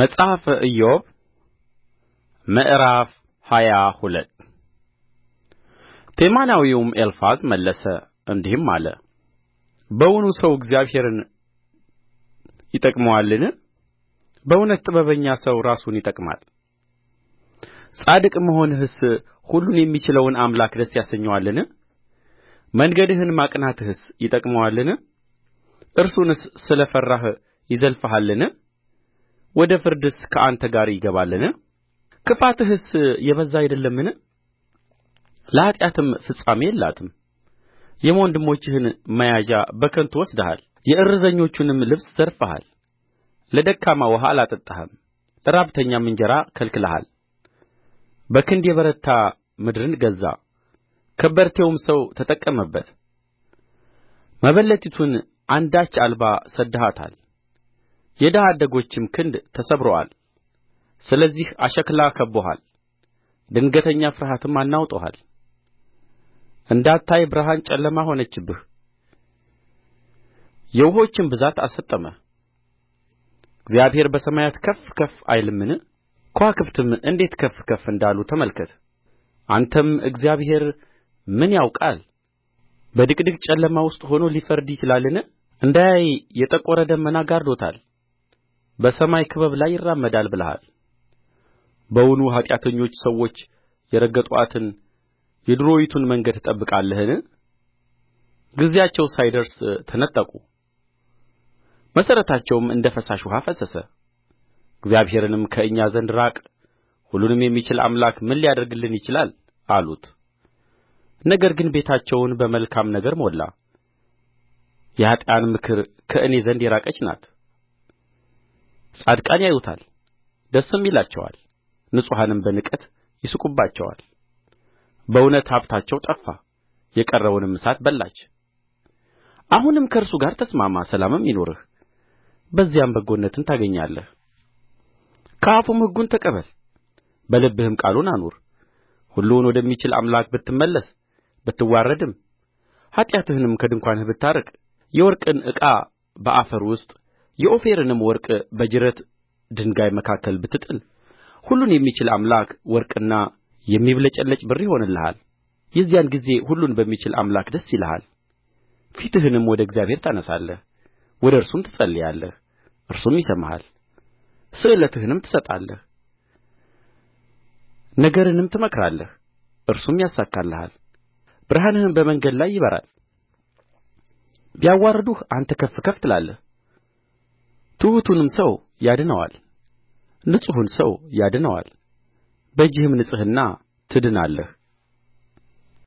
መጽሐፈ ኢዮብ ምዕራፍ ሃያ ሁለት ቴማናዊውም ኤልፋዝ መለሰ እንዲህም አለ በውኑ ሰው እግዚአብሔርን ይጠቅመዋልን? በእውነት ጥበበኛ ሰው ራሱን ይጠቅማል። ጻድቅ መሆንህስ ሁሉን የሚችለውን አምላክ ደስ ያሰኘዋልን? መንገድህን ማቅናትህስ ይጠቅመዋልን? እርሱንስ ስለ ፈራህ ይዘልፍሃልን? ወደ ፍርድስ ከአንተ ጋር ይገባልን ክፋትህስ የበዛ አይደለምን ለኃጢአትም ፍጻሜ የላትም የወንድሞችህን መያዣ በከንቱ ወስደሃል የእርዘኞቹንም ልብስ ዘርፈሃል ለደካማ ውኃ አላጠጣህም ለራብተኛም እንጀራ ከልክለሃል በክንድ የበረታ ምድርን ገዛ ከበርቴውም ሰው ተጠቀመበት መበለቲቱን አንዳች አልባ ሰድደሃታል የድሀ አደጎችም ክንድ ተሰብሮአል ስለዚህ አሽክላ ከብቦሃል ድንገተኛ ፍርሃትም አናውጦሃል እንዳታይ ብርሃን ጨለማ ሆነችብህ የውኆችም ብዛት አሰጠመህ እግዚአብሔር በሰማያት ከፍ ከፍ አይልምን ከዋክብትም እንዴት ከፍ ከፍ እንዳሉ ተመልከት አንተም እግዚአብሔር ምን ያውቃል በድቅድቅ ጨለማ ውስጥ ሆኖ ሊፈርድ ይችላልን እንዳያይ የጠቈረ ደመና ጋርዶታል በሰማይ ክበብ ላይ ይራመዳል ብለሃል በውኑ ኃጢአተኞች ሰዎች የረገጡአትን የዱሮይቱን መንገድ ትጠብቃለህን ጊዜያቸው ሳይደርስ ተነጠቁ መሠረታቸውም እንደ ፈሳሽ ውኃ ፈሰሰ እግዚአብሔርንም ከእኛ ዘንድ ራቅ ሁሉንም የሚችል አምላክ ምን ሊያደርግልን ይችላል አሉት ነገር ግን ቤታቸውን በመልካም ነገር ሞላ የኃጥኣን ምክር ከእኔ ዘንድ የራቀች ናት ጻድቃን ያዩታል ደስም ይላቸዋል ንጹሐንም በንቀት ይስቁባቸዋል በእውነት ሀብታቸው ጠፋ የቀረውንም እሳት በላች አሁንም ከእርሱ ጋር ተስማማ ሰላምም ይኑርህ በዚያም በጎነትን ታገኛለህ ከአፉም ሕጉን ተቀበል በልብህም ቃሉን አኑር ሁሉን ወደሚችል አምላክ ብትመለስ ብትዋረድም ኃጢአትህንም ከድንኳንህ ብታርቅ የወርቅን ዕቃ በአፈር ውስጥ የኦፊርንም ወርቅ በጅረት ድንጋይ መካከል ብትጥል ሁሉን የሚችል አምላክ ወርቅና የሚብለጨለጭ ብር ይሆንልሃል የዚያን ጊዜ ሁሉን በሚችል አምላክ ደስ ይልሃል ፊትህንም ወደ እግዚአብሔር ታነሣለህ ወደ እርሱም ትጸልያለህ እርሱም ይሰማሃል ስእለትህንም ትሰጣለህ ነገርንም ትመክራለህ እርሱም ያሳካልሃል ብርሃንህም በመንገድ ላይ ይበራል ቢያዋርዱህ አንተ ከፍ ከፍ ትላለህ ትሑቱንም ሰው ያድነዋል ንጹሑን ሰው ያድነዋል በእጅህም ንጽሕና ትድናለህ